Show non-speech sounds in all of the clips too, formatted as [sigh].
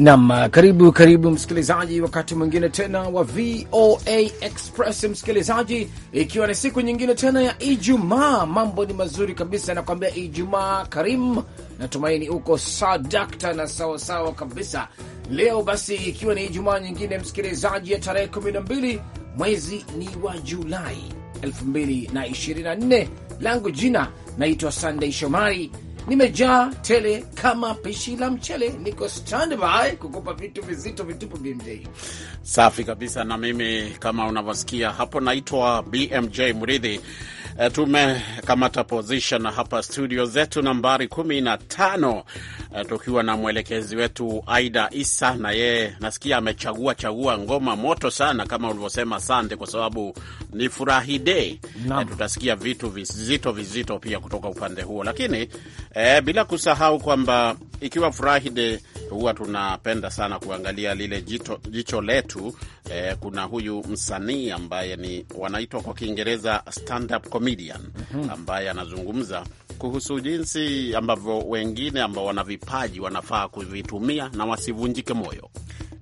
Nam, uh, karibu karibu msikilizaji, wakati mwingine tena wa VOA Express. Msikilizaji, ikiwa ni siku nyingine tena ya Ijumaa, mambo ni mazuri kabisa, Nakuambia Ijumaa karimu, natumaini uko sadakta na sawasawa kabisa. Leo basi, ikiwa ni Ijumaa nyingine msikilizaji, ya tarehe 12 mwezi ni wa Julai 2024, langu jina naitwa sandei Shomari nimejaa tele kama pishi la mchele, niko standby kukupa vitu vizito vitupu. BMJ safi kabisa, na mimi kama unavyosikia hapo naitwa BMJ Mridhi E, tumekamata position hapa studio zetu nambari 15 e, eh, tukiwa na mwelekezi wetu Aida Isa, na yeye nasikia amechagua chagua ngoma moto sana kama ulivyosema Sande, kwa sababu ni furahi dei e, eh, tutasikia vitu vizito vizito pia kutoka upande huo, lakini e, bila kusahau kwamba ikiwa furahi day huwa tunapenda sana kuangalia lile jito, jicho letu eh. Kuna huyu msanii ambaye ni wanaitwa kwa Kiingereza stand up comedian mhm. ambaye anazungumza kuhusu jinsi ambavyo wengine ambao wana vipaji wanafaa kuvitumia na wasivunjike moyo.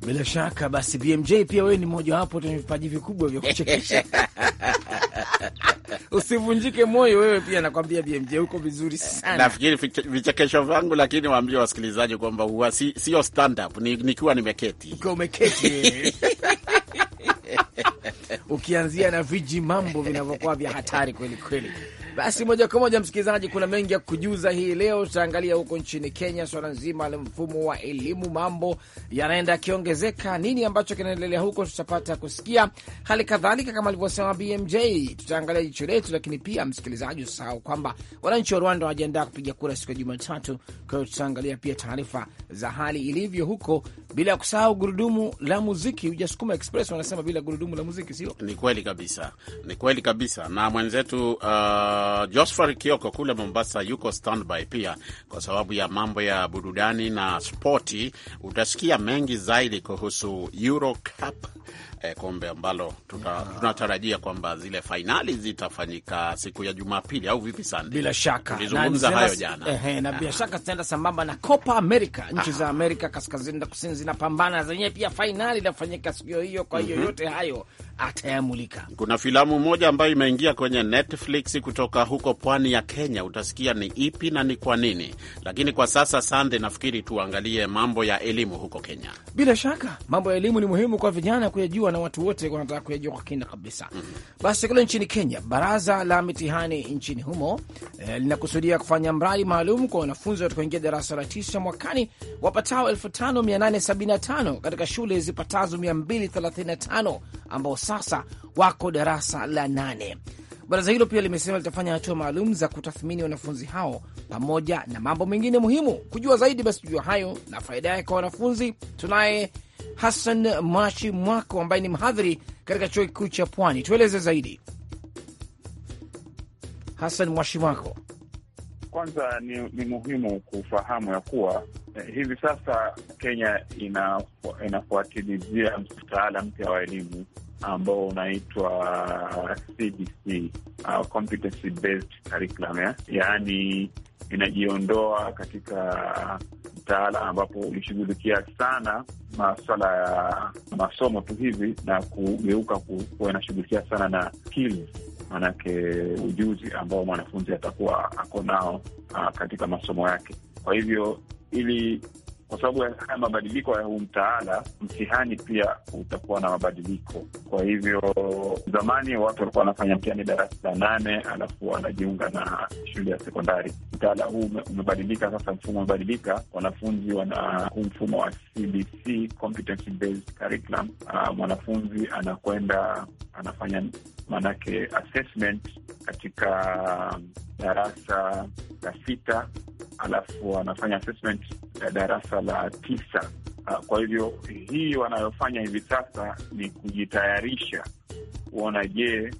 Bila shaka basi, BMJ, pia wewe ni mmojawapo tenye vipaji vikubwa vya kuchekesha [laughs] Usivunjike moyo wewe pia, nakwambia BMJ huko vizuri sana. Nafikiri vichekesho vyangu, lakini waambie wasikilizaji kwamba huwa si, sio stand up ni, nikiwa nimeketi ukiwa umeketi [laughs] ukianzia na viji mambo vinavyokuwa vya hatari kweli kweli. Basi moja kwa moja, msikilizaji, kuna mengi ya kujuza hii leo. Tutaangalia huko nchini Kenya swala nzima la mfumo wa elimu, mambo yanaenda yakiongezeka. Nini ambacho kinaendelea huko tutapata kusikia. Hali kadhalika kama alivyosema BMJ, tutaangalia jicho letu, lakini pia msikilizaji, usahau kwamba wananchi wa Rwanda wanajiandaa kupiga kura siku ya Jumatatu. Kwa hiyo tutaangalia pia taarifa za hali ilivyo huko, bila kusahau gurudumu la muziki. Ujasukuma express wanasema bila gurudumu la muziki, sio? Ni kweli kabisa, ni kweli kabisa, na mwenzetu uh uh, Josphat Kioko kule Mombasa yuko standby pia kwa sababu ya mambo ya burudani na spoti. Utasikia mengi zaidi kuhusu Euro Cup eh, kombe ambalo tuta, yeah, tunatarajia kwamba zile fainali zitafanyika siku ya Jumapili au vipi? Sande, bila shaka tulizungumza hayo jana eh, eh, na bila [laughs] shaka zitaenda sambamba na Copa America. Nchi za Amerika kaskazini na kusini zinapambana zenyewe, pia fainali inafanyika siku hiyo. Kwa hiyo mm -hmm. yote hayo atayamulika. Kuna filamu moja ambayo imeingia kwenye Netflix kutoka huko pwani ya Kenya, utasikia ni ipi na ni kwa nini, lakini kwa sasa Sande, nafikiri tuangalie mambo ya elimu huko Kenya. Bila shaka mambo ya elimu ni muhimu kwa vijana kuyajua kufuatiliwa na watu wote wanataka kuyajua kwa kina kabisa. Basi kule nchini Kenya, baraza la mitihani nchini humo eh, linakusudia kufanya mradi maalum kwa wanafunzi watakaoingia darasa la tisa mwakani wapatao 5875 katika shule zipatazo 235 ambao sasa wako darasa la nane. Baraza hilo pia limesema litafanya hatua maalum za kutathmini wanafunzi hao pamoja na mambo mengine muhimu. Kujua zaidi, basi jua hayo na faida yake kwa wanafunzi, tunaye Hassan Mwashi Mwako ambaye ni mhadhiri katika chuo kikuu cha Pwani. Tueleze zaidi, Hassan Mwashi Mwako. Kwanza ni, ni muhimu kufahamu ya kuwa eh, hivi sasa Kenya inafuatilizia mtaala mpya wa elimu ambao unaitwa CBC, uh, competency based curriculum, eh? yaani inajiondoa katika kitaala ambapo ulishughulikia sana maswala ya masomo tu hivi na kugeuka kuwa inashughulikia sana na skills, maanake ujuzi ambao mwanafunzi atakuwa ako nao ah, katika masomo yake. Kwa hivyo ili kwa sababu ya haya mabadiliko ya huu mtaala, mtihani pia utakuwa na mabadiliko. Kwa hivyo, zamani watu walikuwa wanafanya mtihani darasa la nane alafu wanajiunga na shule ya sekondari. Mtaala huu umebadilika sasa, mfumo umebadilika, wanafunzi wana huu mfumo wa CBC, competency based curriculum. Ah, mwanafunzi anakwenda anafanya maanake assessment katika darasa la sita, alafu anafanya assessment darasa la tisa. Ah, kwa hivyo hii wanayofanya hivi sasa ni kujitayarisha kuona, je,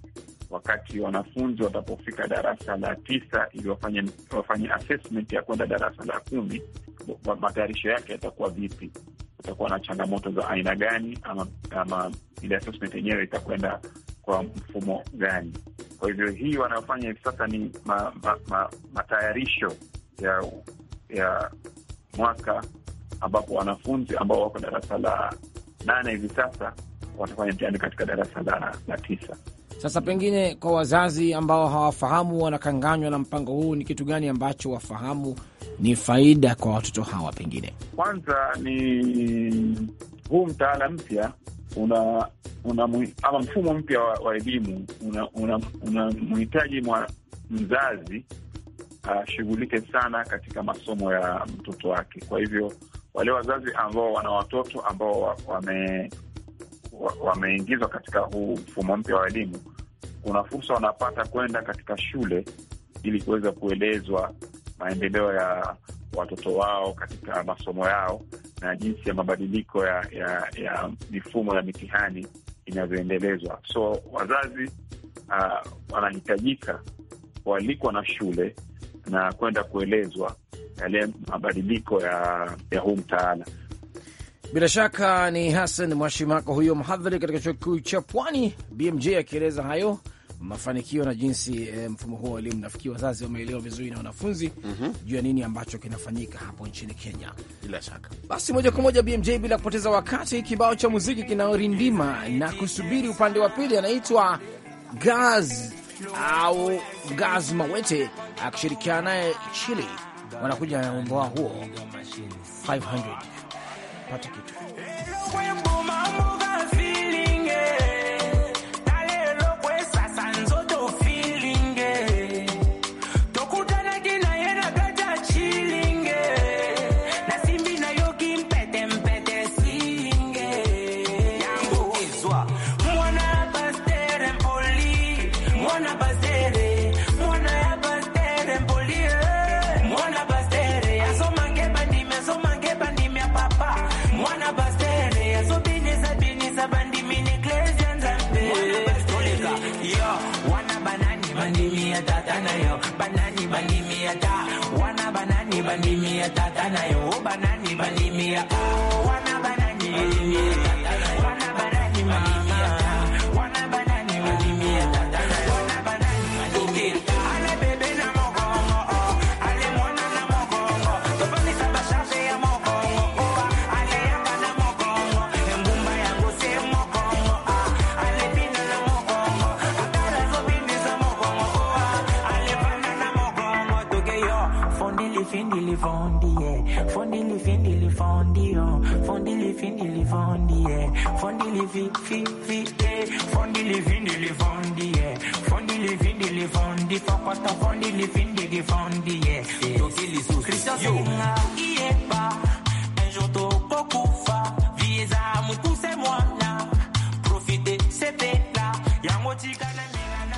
wakati wanafunzi watapofika darasa la tisa ili wafanye wafanye assessment ya kwenda darasa la kumi, matayarisho yake yatakuwa vipi? Kutakuwa na changamoto za aina gani? Ama, ama ile assessment yenyewe itakwenda kwa mfumo gani? Kwa hivyo hii wanayofanya hivi sasa ni ma, ma, ma, matayarisho ya ya mwaka ambapo wanafunzi ambao wako darasa la nane hivi sasa watafanya mtihani katika darasa la, la tisa. Sasa pengine kwa wazazi ambao hawafahamu, wanakanganywa na mpango huu, ni kitu gani ambacho wafahamu ni faida kwa watoto hawa? Pengine kwanza ni huu mtaala mpya una, una ama mfumo mpya wa elimu unamhitaji una, una mzazi ashughulike sana katika masomo ya mtoto wake. Kwa hivyo wale wazazi ambao wana watoto ambao wame wameingizwa katika huu mfumo mpya wa elimu, kuna fursa wanapata kwenda katika shule ili kuweza kuelezwa maendeleo ya watoto wao katika masomo yao na jinsi ya mabadiliko ya, ya, ya mifumo ya mitihani inavyoendelezwa. So wazazi uh, wanahitajika kualikwa na shule na kwenda kuelezwa yale mabadiliko ya, ya huu mtaala. Bila shaka ni Hassan Mwashimako, huyo mhadhiri katika chuo kikuu cha Pwani BMJ akieleza hayo mafanikio na jinsi eh, mfumo huo wa elimu. Nafikiri wazazi wameelewa vizuri na wanafunzi mm -hmm. juu ya nini ambacho kinafanyika hapo nchini Kenya. Bila shaka basi, moja kwa moja BMJ, bila kupoteza wakati, kibao cha muziki kinaorindima na kusubiri upande wa pili anaitwa Gaz au Gaz Mawete akishirikiana naye Chili wanakuja na wimbo wao huo 500 pata kitu tatanayo banani banimia ta wana banani banimia tatanayo oh, banani banimia wana banani banimia tatanayo wana banani banimia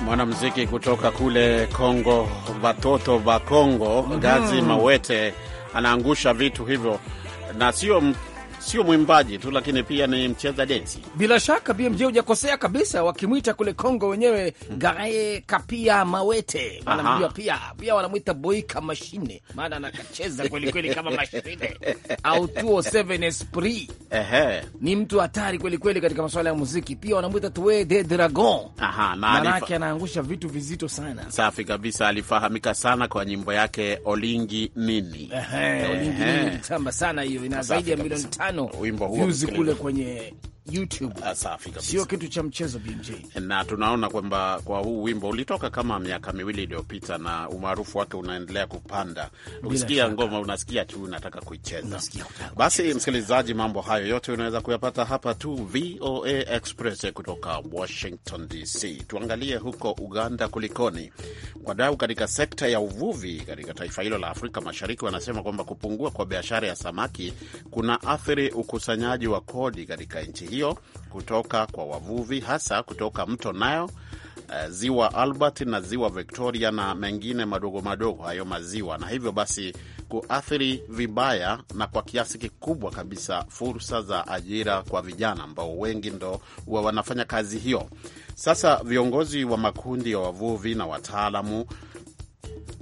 Mwanamuziki kutoka kule Kongo, watoto wa Kongo, Gazi mhm. Mawete anaangusha vitu hivyo na sio sio mwimbaji tu, lakini pia ni mcheza densi. Bila shaka BMJ hujakosea kabisa, wakimwita kule Kongo wenyewe hmm. Gare Kapia Mawete wanamjua pia, pia wanamwita Boika Mashine, maana anakacheza kwelikweli kama mashine au tuo oh seven esprit. Ehe, ni mtu hatari kwelikweli katika masuala ya muziki. Pia wanamwita tue de dragon, manake anaangusha vitu vizito sana. Safi kabisa, alifahamika sana kwa nyimbo yake Olingi nini. Ehe, Olingi nini, tamba sana hiyo, ina zaidi ya milioni tatu tano wimbo huo kule kwenye YouTube. Ah, safi kabisa. Sio kitu cha mchezo BJ. Na tunaona kwamba kwa huu wimbo ulitoka kama miaka miwili iliyopita na umaarufu wake unaendelea kupanda. Ukisikia ngoma unasikia tu unataka kuicheza. Basi msikilizaji, mambo hayo yote unaweza kuyapata hapa tu VOA Express kutoka Washington DC. Tuangalie huko Uganda kulikoni. Wadau katika sekta ya uvuvi katika taifa hilo la Afrika Mashariki wanasema kwamba kupungua kwa biashara ya samaki kuna athiri ukusanyaji wa kodi katika nchi hiyo kutoka kwa wavuvi, hasa kutoka mto Nile, eh, ziwa Albert na ziwa Victoria na mengine madogo madogo hayo maziwa, na hivyo basi kuathiri vibaya na kwa kiasi kikubwa kabisa fursa za ajira kwa vijana ambao wengi ndo huwa wanafanya kazi hiyo. Sasa viongozi wa makundi ya wavuvi na wataalamu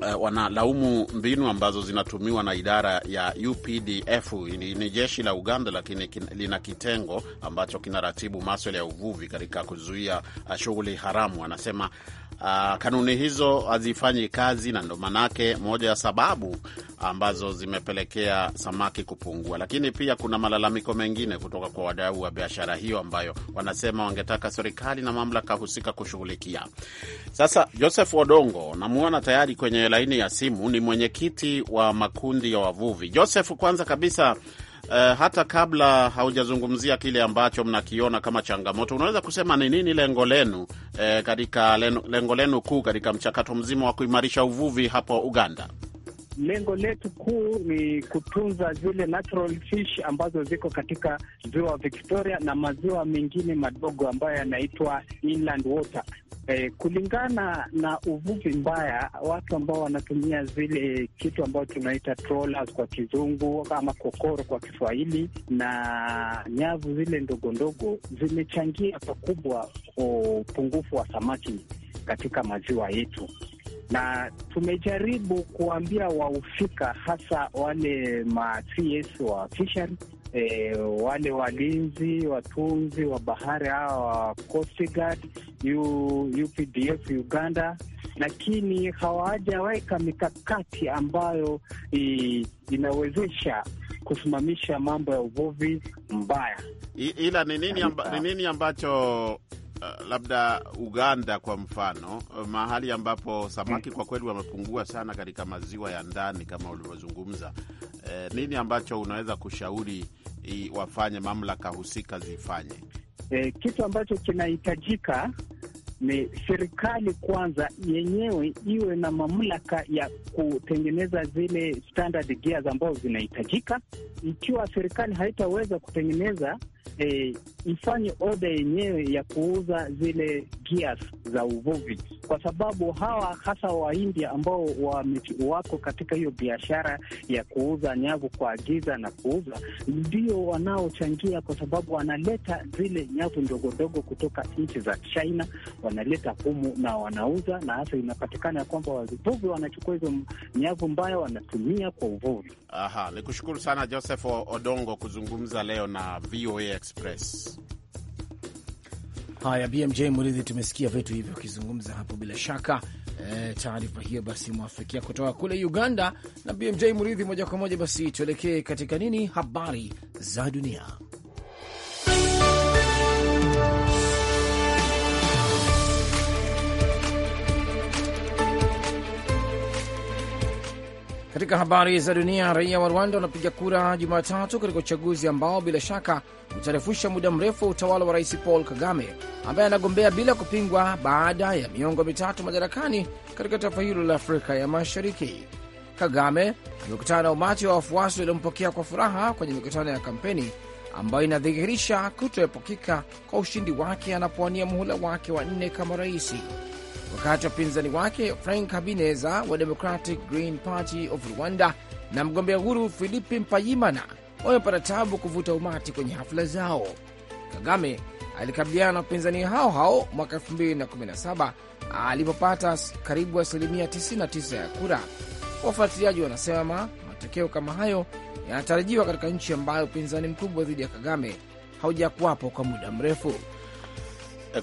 uh, wanalaumu mbinu ambazo zinatumiwa na idara ya UPDF. Ni jeshi la Uganda, lakini kin, lina kitengo ambacho kinaratibu maswala ya uvuvi katika kuzuia eh, shughuli haramu. Anasema uh, kanuni hizo hazifanyi kazi, na ndo manake moja ya sababu ambazo zimepelekea samaki kupungua. Lakini pia kuna malalamiko mengine kutoka kwa wadau wa biashara hiyo ambayo wanasema wangetaka serikali na mamlaka husika kushughulikia. Sasa Joseph Odongo namuona tayari kwenye laini ya simu, ni mwenyekiti wa makundi ya wavuvi. Joseph, kwanza kabisa Uh, hata kabla haujazungumzia kile ambacho mnakiona kama changamoto, unaweza kusema ni nini lengo lenu eh, katika lengo lenu kuu katika mchakato mzima wa kuimarisha uvuvi hapo Uganda? lengo letu kuu ni kutunza zile natural fish ambazo ziko katika ziwa Victoria na maziwa mengine madogo ambayo yanaitwa inland water. Eh, kulingana na uvuvi mbaya, watu ambao wanatumia zile kitu ambayo tunaita trawlers kwa kizungu ama kokoro kwa Kiswahili na nyavu zile ndogo ndogo zimechangia pakubwa upungufu wa samaki katika maziwa yetu na tumejaribu kuambia wahusika hasa wale ma CS wa fishery E, wale walinzi watunzi wa bahari hawa Coast Guard UPDF Uganda, lakini hawajaweka mikakati ambayo i, inawezesha kusimamisha mambo ya uvuvi mbaya. Ila ni nini, amba, nini ambacho Eh, labda Uganda kwa mfano, eh, mahali ambapo samaki kwa kweli wamepungua sana katika maziwa ya ndani kama ulivyozungumza. e, nini ambacho unaweza kushauri wafanye mamlaka husika zifanye? E, kitu ambacho kinahitajika ni serikali kwanza yenyewe iwe na mamlaka ya kutengeneza zile standard gears ambazo zinahitajika ikiwa serikali haitaweza kutengeneza E, ifanye oda yenyewe ya kuuza zile gears za uvuvi, kwa sababu hawa hasa Waindia ambao wa, wako katika hiyo biashara ya kuuza nyavu, kuagiza na kuuza, ndio wanaochangia, kwa sababu wanaleta zile nyavu ndogondogo kutoka nchi za China, wanaleta humu na wanauza, na hasa inapatikana ya kwamba wavuvi wanachukua hizo nyavu mbaya wanatumia kwa uvuvi. Aha, nikushukuru sana Joseph. Joseph Odongo kuzungumza leo na VOA Express. Haya, BMJ mridhi tumesikia vitu hivyo ukizungumza hapo, bila shaka e, taarifa hiyo basi mwafikia kutoka kule Uganda. Na BMJ Murithi, moja kwa moja basi tuelekee katika nini, habari za dunia. Katika habari za dunia, raia wa Rwanda wanapiga kura Jumatatu katika uchaguzi ambao bila shaka utarefusha muda mrefu wa utawala wa rais Paul Kagame ambaye anagombea bila kupingwa baada ya miongo mitatu madarakani katika taifa hilo la Afrika ya Mashariki. Kagame amekutana na umati wa wafuasi waliompokea kwa furaha kwenye mikutano ya kampeni ambayo inadhihirisha kutoepukika kwa ushindi wake anapowania muhula wake wa nne kama raisi wakati wa upinzani wake Frank Habineza wa Democratic Green Party of Rwanda na mgombea huru Filipi Mpayimana wamepata tabu kuvuta umati kwenye hafla zao. Kagame alikabiliana na wapinzani hao hao mwaka 2017 alipopata karibu asilimia 99 ya kura. Wafuatiliaji wanasema matokeo kama hayo yanatarajiwa katika nchi ambayo upinzani mkubwa dhidi ya Kagame haujakuwapo kwa muda mrefu.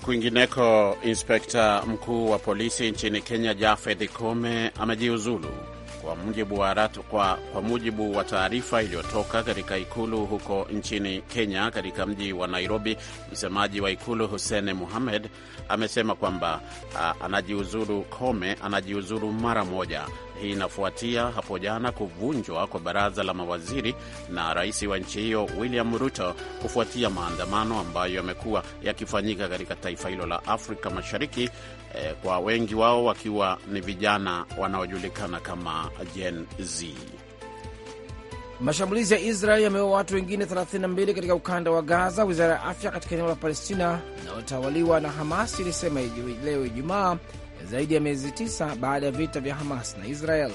Kwingineko, inspekta mkuu wa polisi nchini Kenya Jafeth Kome amejiuzulu kwa mujibu wa kwa, kwa mujibu wa taarifa iliyotoka katika ikulu huko nchini Kenya katika mji wa Nairobi. Msemaji wa ikulu Hussein muhammed amesema kwamba anajiuzulu Kome anajiuzulu mara moja hii inafuatia hapo jana kuvunjwa kwa baraza la mawaziri na rais wa nchi hiyo William Ruto kufuatia maandamano ambayo yamekuwa yakifanyika katika taifa hilo la Afrika Mashariki eh, kwa wengi wao wakiwa ni vijana wanaojulikana kama Gen Z. Mashambulizi ya Israel yameua watu wengine 32 katika ukanda wa Gaza, wizara ya afya katika eneo la Palestina inayotawaliwa na Hamas ilisema leo Ijumaa, zaidi ya miezi tisa baada ya vita vya Hamas na Israel.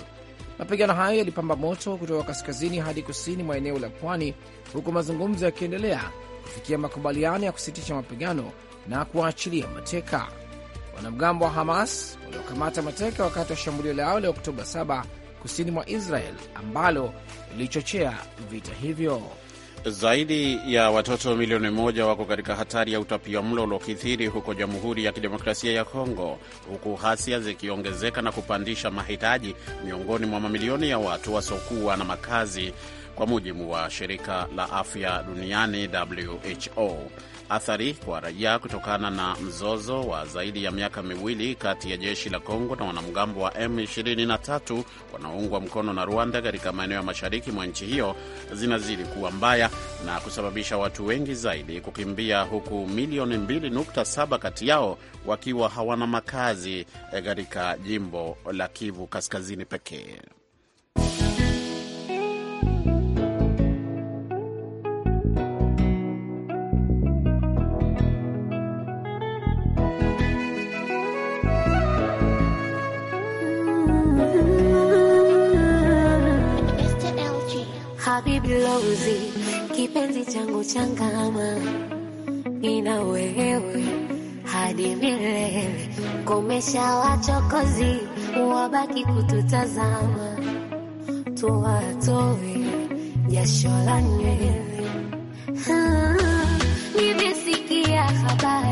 Mapigano hayo yalipamba moto kutoka kaskazini hadi kusini mwa eneo la pwani, huku mazungumzo yakiendelea kufikia makubaliano ya kusitisha mapigano na kuwaachilia mateka. Wanamgambo wa Hamas waliokamata mateka wakati wa shambulio lao la Oktoba 7 kusini mwa Israel ambalo lilichochea vita hivyo. Zaidi ya watoto milioni moja wako katika hatari ya utapia mlo uliokithiri huko Jamhuri ya Kidemokrasia ya Kongo, huku ghasia zikiongezeka na kupandisha mahitaji miongoni mwa mamilioni ya watu wasiokuwa na makazi, kwa mujibu wa shirika la afya duniani WHO athari kwa raia kutokana na mzozo wa zaidi ya miaka miwili kati ya jeshi la Kongo na wanamgambo wa M23 wanaoungwa mkono na Rwanda katika maeneo ya mashariki mwa nchi hiyo zinazidi kuwa mbaya na kusababisha watu wengi zaidi kukimbia, huku milioni 2.7 kati yao wakiwa hawana makazi eh, katika jimbo la Kivu Kaskazini pekee. Habibi Lozi, kipenzi changu changama, nina wewe hadi milele. Komesha wachokozi, wabaki kututazama, tuwatoe jasho la nywele. [laughs] Nimesikia habari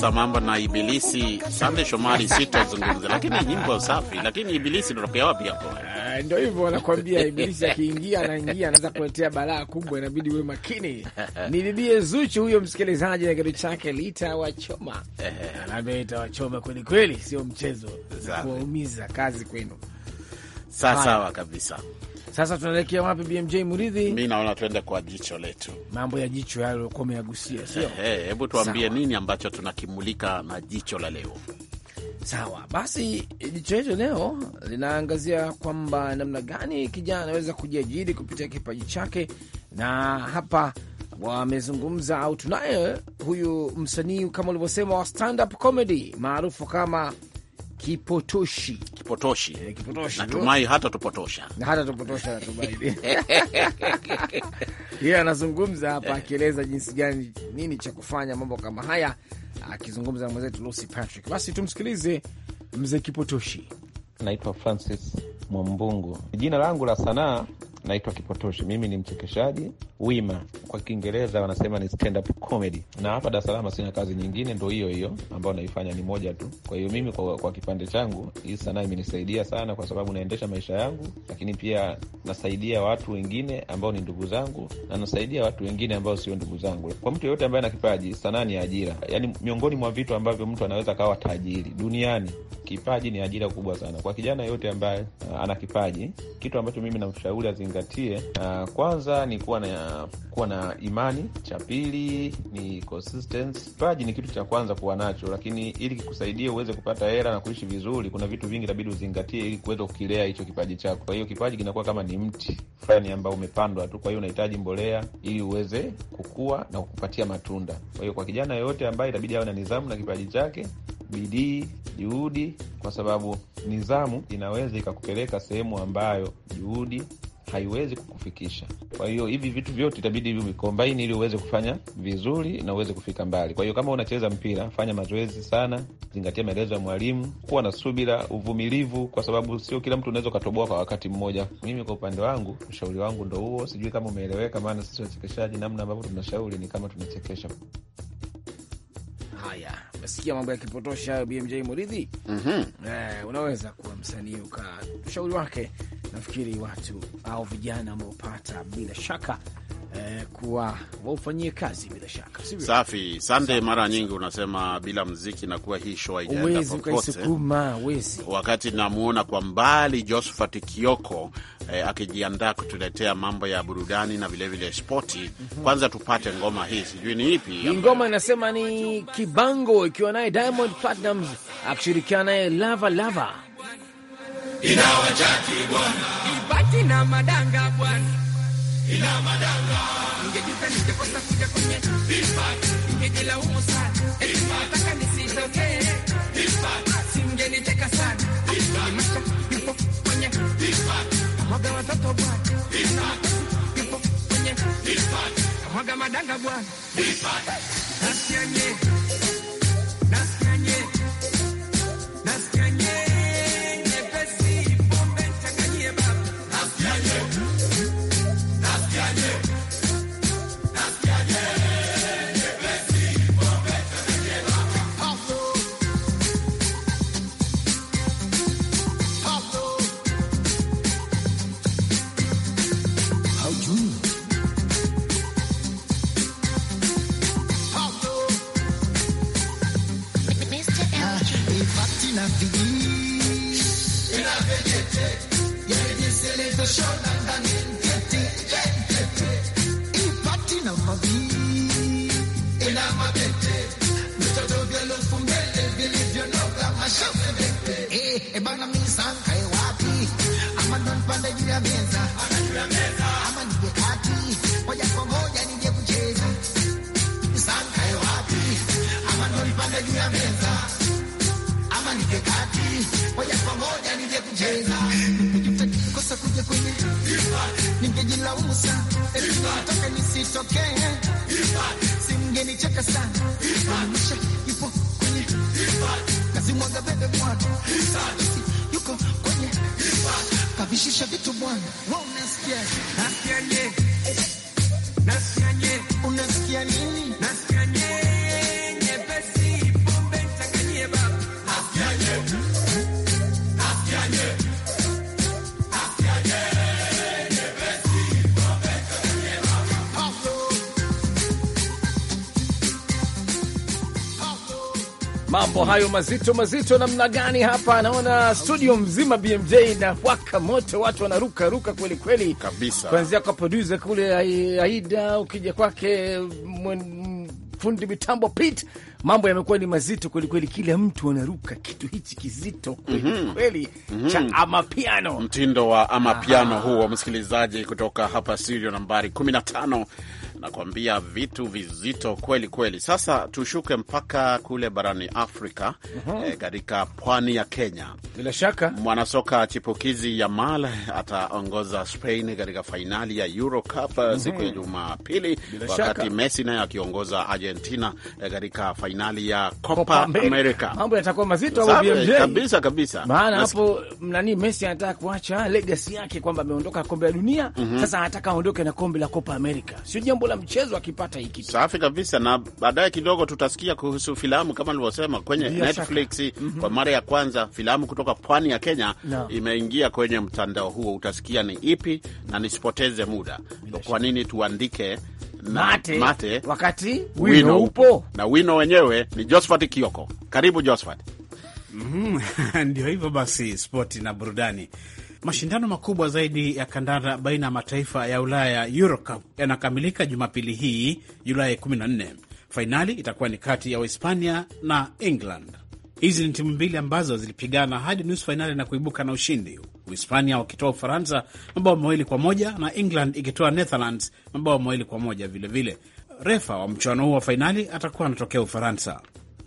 sasa mambo na Ibilisi. Sande Shomari sitazungumza, lakini nyimbo safi. Lakini Ibilisi natokea wapi hapo? Uh, ndio hivyo wanakwambia, Ibilisi akiingia anaingia, anaweza kuletea balaa kubwa, inabidi uwe makini. [laughs] Ni bibie Zuchu huyo msikilizaji na kitu chake lita wachoma, eh. anaambia wachoma kweli kweli, sio mchezo, kuwaumiza kazi kwenu. Sawa sawa kabisa. Sasa tunaelekea wapi, BMJ Muridhi? Mi naona tuende kwa jicho letu, mambo ya jicho yaliokuwa umeyagusia, sio? Hebu tuambie nini ambacho tunakimulika na jicho la leo. Sawa basi, jicho letu leo linaangazia kwamba namna gani kijana anaweza kujiajiri kupitia kipaji chake, na hapa wamezungumza au tunaye huyu msanii kama ulivyosema wa stand up comedy maarufu kama kipotoshi kipotoshi, eh, kipotoshi. Natumai hata tupotosha na hata tupotosha [laughs] Yeye anazungumza hapa akieleza jinsi gani nini cha kufanya mambo kama haya, akizungumza na mwenzetu Lucy Patrick. Basi tumsikilize mzee Kipotoshi. Naitwa Francis Mwambungu, jina langu la sanaa naitwa Kipotoshi, mimi ni mchekeshaji wima, kwa Kiingereza wanasema ni stand up comedy, na hapa Dar es Salaam sina kazi nyingine, ndo hiyo hiyo ambayo naifanya ni moja tu. Kwa hiyo mimi kwa, kwa kipande changu hii sanaa imenisaidia sana, kwa sababu naendesha maisha yangu, lakini pia nasaidia watu wengine ambao ni ndugu zangu, na nasaidia watu wengine ambao sio ndugu zangu. Kwa mtu yeyote ambaye ana kipaji, sanaa ni ajira, Yani miongoni mwa vitu ambavyo mtu anaweza kawa tajiri duniani. Kipaji ni ajira kubwa sana kwa kijana yeyote ambaye uh, ana kipaji, kitu ambacho mimi namshauri azingatie nizingatie uh, kwanza ni kuwa na kuwa na imani, cha pili ni consistency. Kipaji ni kitu cha kwanza kuwa nacho, lakini ili kikusaidie uweze kupata hela na kuishi vizuri, kuna vitu vingi inabidi uzingatie ili kuweza kukilea hicho kipaji chako. Kwa hiyo kipaji kinakuwa kama ni mti fulani ambao umepandwa tu, kwa hiyo unahitaji mbolea ili uweze kukua na kukupatia matunda. Kwa hiyo kwa kijana yoyote ambaye itabidi awe na nidhamu na kipaji chake bidii, juhudi, kwa sababu nidhamu inaweza ikakupeleka sehemu ambayo juhudi haiwezi kukufikisha. Kwa hiyo hivi vitu vyote itabidi vikombaini ili uweze kufanya vizuri na uweze kufika mbali. Kwa hiyo kama unacheza mpira, fanya mazoezi sana, zingatia maelezo ya mwalimu, kuwa na subira, uvumilivu, kwa sababu sio kila mtu unaweza ukatoboa kwa wakati mmoja. Mimi kwa upande wangu, ushauri wangu ndo huo. Sijui kama umeeleweka, maana sisi wachekeshaji, namna ambavyo tunashauri ni kama tunachekesha. Haya, umesikia mambo ya kipotosha BMJ Muridhi. mm -hmm. Eh, unaweza kuwa msanii ukashauri wake nafikiri watu au vijana wanaopata bila shaka Eh, kuwa waufanyie kazi bila shaka. Sibira. Safi sande. Mara nyingi unasema bila mziki nakuwa hii show haijaenda popote, wakati namwona kwa mbali Josephat Kioko eh, akijiandaa kutuletea mambo ya burudani na vilevile vile spoti. mm -hmm. Kwanza tupate ngoma hii, sijui ni ipi hii ngoma inasema ni kibango, ikiwa naye Diamond Platnumz akishirikiana naye Lava Lava inawajaki bwana ibaki na madanga bwana ina madanga ningejuta ningekosa kuja kwenye ibaki ningelaumu sana eti nataka nisitokee ibaki singeniteka sana imasha nipo kwenye ibaki mwaga watoto bwana ibaki nipo kwenye ibaki mwaga madanga bwana ibaki nasianye ningejilaumu sana, nisitokee, simgenicheka sana, maisha ipo kwenye kazimwaga bebe bwana, yuko kwenye kavishusha vitu bwana, unasikia nini? Mambo hayo mazito mazito namna gani hapa? Naona studio mzima BMJ na waka moto, watu wanaruka ruka kweli kweli kabisa, kuanzia kwa produsa kule Aida, ukija kwake fundi mitambo Pit, mambo yamekuwa ni mazito kweli kweli, kila mtu anaruka kitu hichi kizito kweli mhm. kweli mm -hmm. cha amapiano, mtindo wa amapiano huo msikilizaji, kutoka hapa studio nambari 15 nakuambia vitu vizito kweli kweli. Sasa tushuke mpaka kule barani Afrika mhm. eh, katika mm -hmm. e, pwani ya Kenya. Bila shaka mwanasoka chipukizi Yamal ataongoza Spain katika fainali ya Euro Cup mm -hmm. siku ya Jumapili, wakati Messi naye akiongoza Argentina eh, katika fainali ya Copa America. Mambo yatakuwa mazito au kabisa kabisa, maana hapo nani, Messi anataka kuacha legacy yake kwamba ameondoka kombe la dunia mm -hmm. Sasa anataka aondoke na kombe la Copa America, sio jambo la mchezo akipata hiki. Safi kabisa, na baadaye kidogo tutasikia kuhusu filamu kama nilivyosema kwenye Dio Netflix mm -hmm. Kwa mara ya kwanza filamu kutoka pwani ya Kenya no. imeingia kwenye mtandao huo, utasikia ni ipi, na nisipoteze muda, kwa nini tuandike mate, mate wakati wino upo, na wino wenyewe ni Josphat Kioko. Karibu Josphat. Mm -hmm. [laughs] Ndio hivyo basi, spoti na burudani Mashindano makubwa zaidi ya kandanda baina ya mataifa ya Ulaya Eurocup yanakamilika Jumapili hii Julai 14. Fainali itakuwa ni kati ya Uhispania na England. Hizi ni timu mbili ambazo zilipigana hadi nusu fainali na kuibuka na ushindi, Uhispania wakitoa Ufaransa mabao mawili kwa moja na England ikitoa Netherlands mabao mawili kwa moja vilevile. Refa wa mchuano huo wa fainali atakuwa anatokea Ufaransa.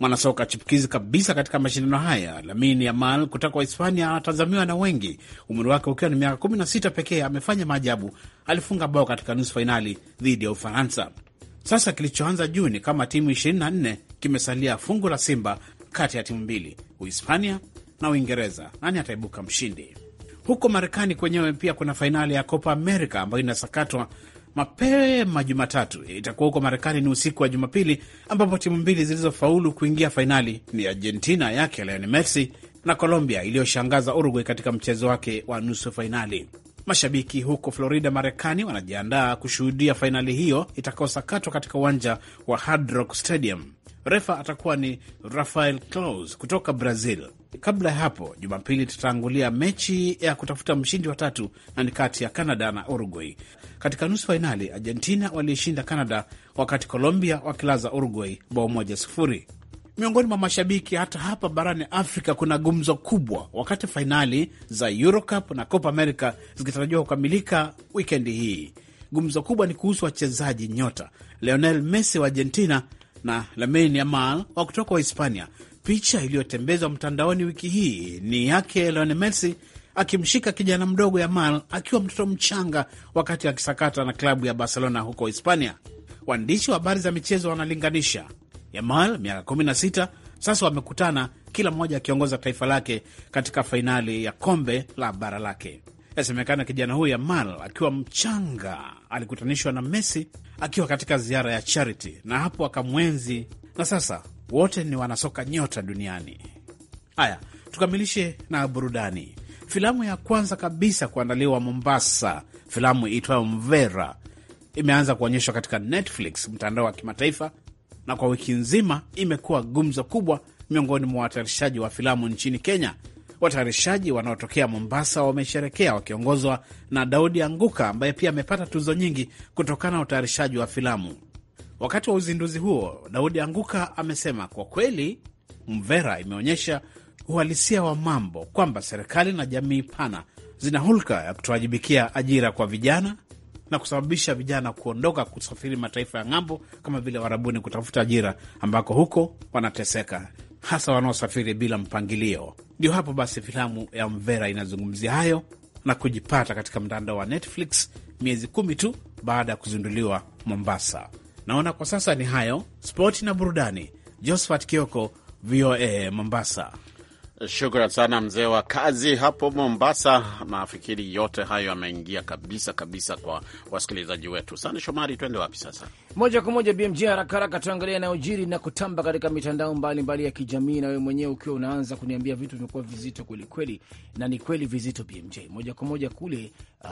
Mwanasoka chipukizi kabisa katika mashindano haya Lamine Yamal kutoka wahispania anatazamiwa na wengi, umri wake ukiwa ni miaka 16 pekee. Amefanya maajabu, alifunga bao katika nusu fainali dhidi ya Ufaransa. Sasa kilichoanza Juni kama timu 24 kimesalia fungu la Simba kati ya timu mbili, Uhispania na Uingereza. Nani ataibuka mshindi? Huko Marekani kwenyewe pia kuna fainali ya Copa America ambayo inasakatwa mapema Jumatatu eh, itakuwa huko Marekani ni usiku wa Jumapili, ambapo timu mbili zilizofaulu kuingia fainali ni Argentina yake Lionel Messi na Colombia iliyoshangaza Uruguay katika mchezo wake wa nusu fainali. Mashabiki huko Florida, Marekani, wanajiandaa kushuhudia fainali hiyo itakaosakatwa katika uwanja wa Hard Rock Stadium. Refa atakuwa ni Rafael Claus kutoka Brazil. Kabla ya hapo, Jumapili tutaangulia mechi ya kutafuta mshindi wa tatu na ni kati ya Canada na Uruguay. Katika nusu fainali Argentina waliishinda Canada, wakati Colombia wakilaza Uruguay bao moja sufuri. Miongoni mwa mashabiki hata hapa barani Afrika kuna gumzo kubwa, wakati fainali za Eurocup na Copa America zikitarajiwa kukamilika wikendi hii. Gumzo kubwa ni kuhusu wachezaji nyota Lionel Messi wa Argentina na Lamine Yamal wa kutoka Wahispania. Picha iliyotembezwa mtandaoni wiki hii ni yake Lionel Messi akimshika kijana mdogo Yamal akiwa mtoto mchanga wakati akisakata na klabu ya Barcelona huko Hispania. Waandishi wa habari za michezo wanalinganisha Yamal miaka 16 sasa wamekutana, kila mmoja akiongoza taifa lake katika fainali ya kombe la bara lake. inasemekana kijana huyu Yamal akiwa mchanga alikutanishwa na Messi akiwa katika ziara ya charity, na hapo akamwenzi, na sasa wote ni wanasoka nyota duniani. Haya, tukamilishe na burudani. Filamu ya kwanza kabisa kuandaliwa Mombasa, filamu iitwayo Mvera imeanza kuonyeshwa katika Netflix, mtandao wa kimataifa, na kwa wiki nzima imekuwa gumzo kubwa miongoni mwa watayarishaji wa filamu nchini Kenya. Watayarishaji wanaotokea Mombasa wamesherekea wakiongozwa na Daudi Anguka ambaye pia amepata tuzo nyingi kutokana na utayarishaji wa filamu. Wakati wa uzinduzi huo, Daudi Anguka amesema kwa kweli Mvera imeonyesha uhalisia wa mambo kwamba serikali na jamii pana zina hulka ya kutowajibikia ajira kwa vijana na kusababisha vijana kuondoka kusafiri mataifa ya ng'ambo kama vile Warabuni kutafuta ajira, ambako huko wanateseka, hasa wanaosafiri bila mpangilio. Ndio hapo basi filamu ya Mvera inazungumzia hayo na kujipata katika mtandao wa Netflix miezi kumi tu baada ya kuzinduliwa Mombasa. Naona kwa sasa ni hayo. Spoti na burudani, Josephat Kioko, VOA Mombasa. Shukran sana mzee wa kazi hapo Mombasa. Mafikiri yote hayo yameingia kabisa kabisa kwa wasikilizaji wetu. Sande Shomari, twende wapi sasa? Moja kwa moja BMJ, haraka haraka tuangalia yanayojiri na kutamba katika mitandao mbalimbali mbali ya kijamii, na wewe mwenyewe ukiwa unaanza kuniambia vitu vimekuwa vizito kwelikweli, na ni kweli vizito BMJ. Moja kwa moja kule uh,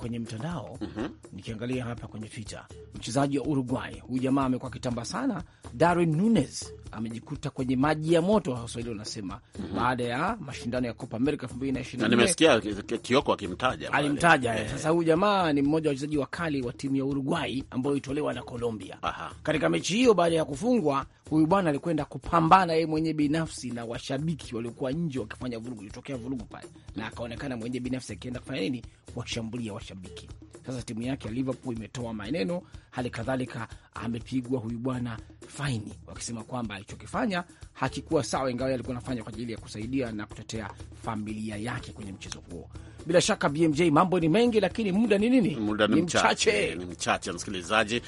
kwenye mtandao mm -hmm. Nikiangalia hapa kwenye Twitter, mchezaji wa Uruguay huyu jamaa amekuwa kitamba sana, Darwin Nunes amejikuta kwenye maji ya moto, Waswahili wanasema mm -hmm. baada ya mashindano ya Copa America elfu mbili na ishirini nimesikia Kioko akimtaja alimtaja yeah. Sasa huyu jamaa ni mmoja wa wachezaji wakali wa timu ya Uruguay ambayo itolewa na Colombia katika mechi hiyo baada ya kufungwa huyu bwana alikwenda kupambana yeye mwenye binafsi na washabiki waliokuwa nje wakifanya vurugu, ilitokea vurugu pale, na akaonekana mwenye binafsi akienda kufanya nini, kuwashambulia washabiki. Sasa timu yake ya Liverpool imetoa maneno, hali kadhalika amepigwa huyu bwana faini, wakisema kwamba alichokifanya hakikuwa sawa, ingawa alikuwa anafanya kwa ajili ya kusaidia na kutetea familia yake kwenye mchezo huo. Bila shaka BMJ, mambo ni mengi, lakini muda ni nini? Muda ni mchache, ni mchache msikilizaji.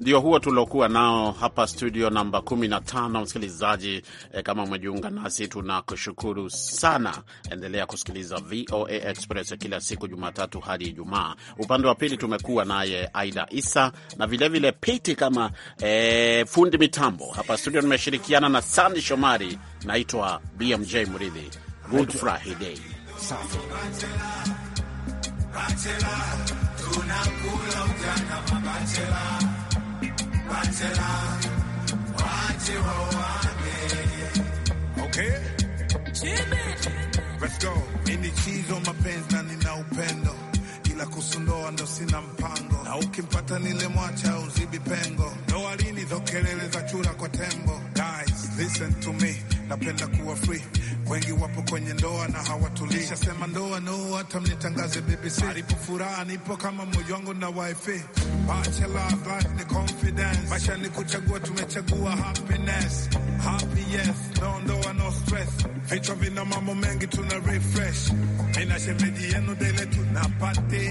Ndio huo tuliokuwa nao hapa studio namba 15. Msikilizaji eh, kama umejiunga nasi tunakushukuru sana. Endelea kusikiliza VOA Express kila siku Jumatatu hadi Ijumaa. Upande wa pili tumekuwa naye Aida Isa na vilevile Piti kama eh, fundi mitambo hapa studio. Nimeshirikiana na Sandi Shomari. Naitwa BMJ Mridhi. Good Friday safi. Okay. chizo mapenzi na nina upendo, ila kusundoa ndo sina mpango, na ukimpata nile mwacha uzibi pengo, ndoa lini, zo za chura kwa tembo. Guys, listen to me napenda kuwa free. Wengi wapo kwenye ndoa na hawatulisha sema ndoa no, hata mnitangaze BBC. Alipo furaha nipo kama mmoja wangu na wife, bachelor life ni confidence, maisha ni kuchagua, tumechagua happiness, happy yes, no ndoa no stress, vichwa vina mambo mengi tuna refresh, ina shemeji yenu dele tunapate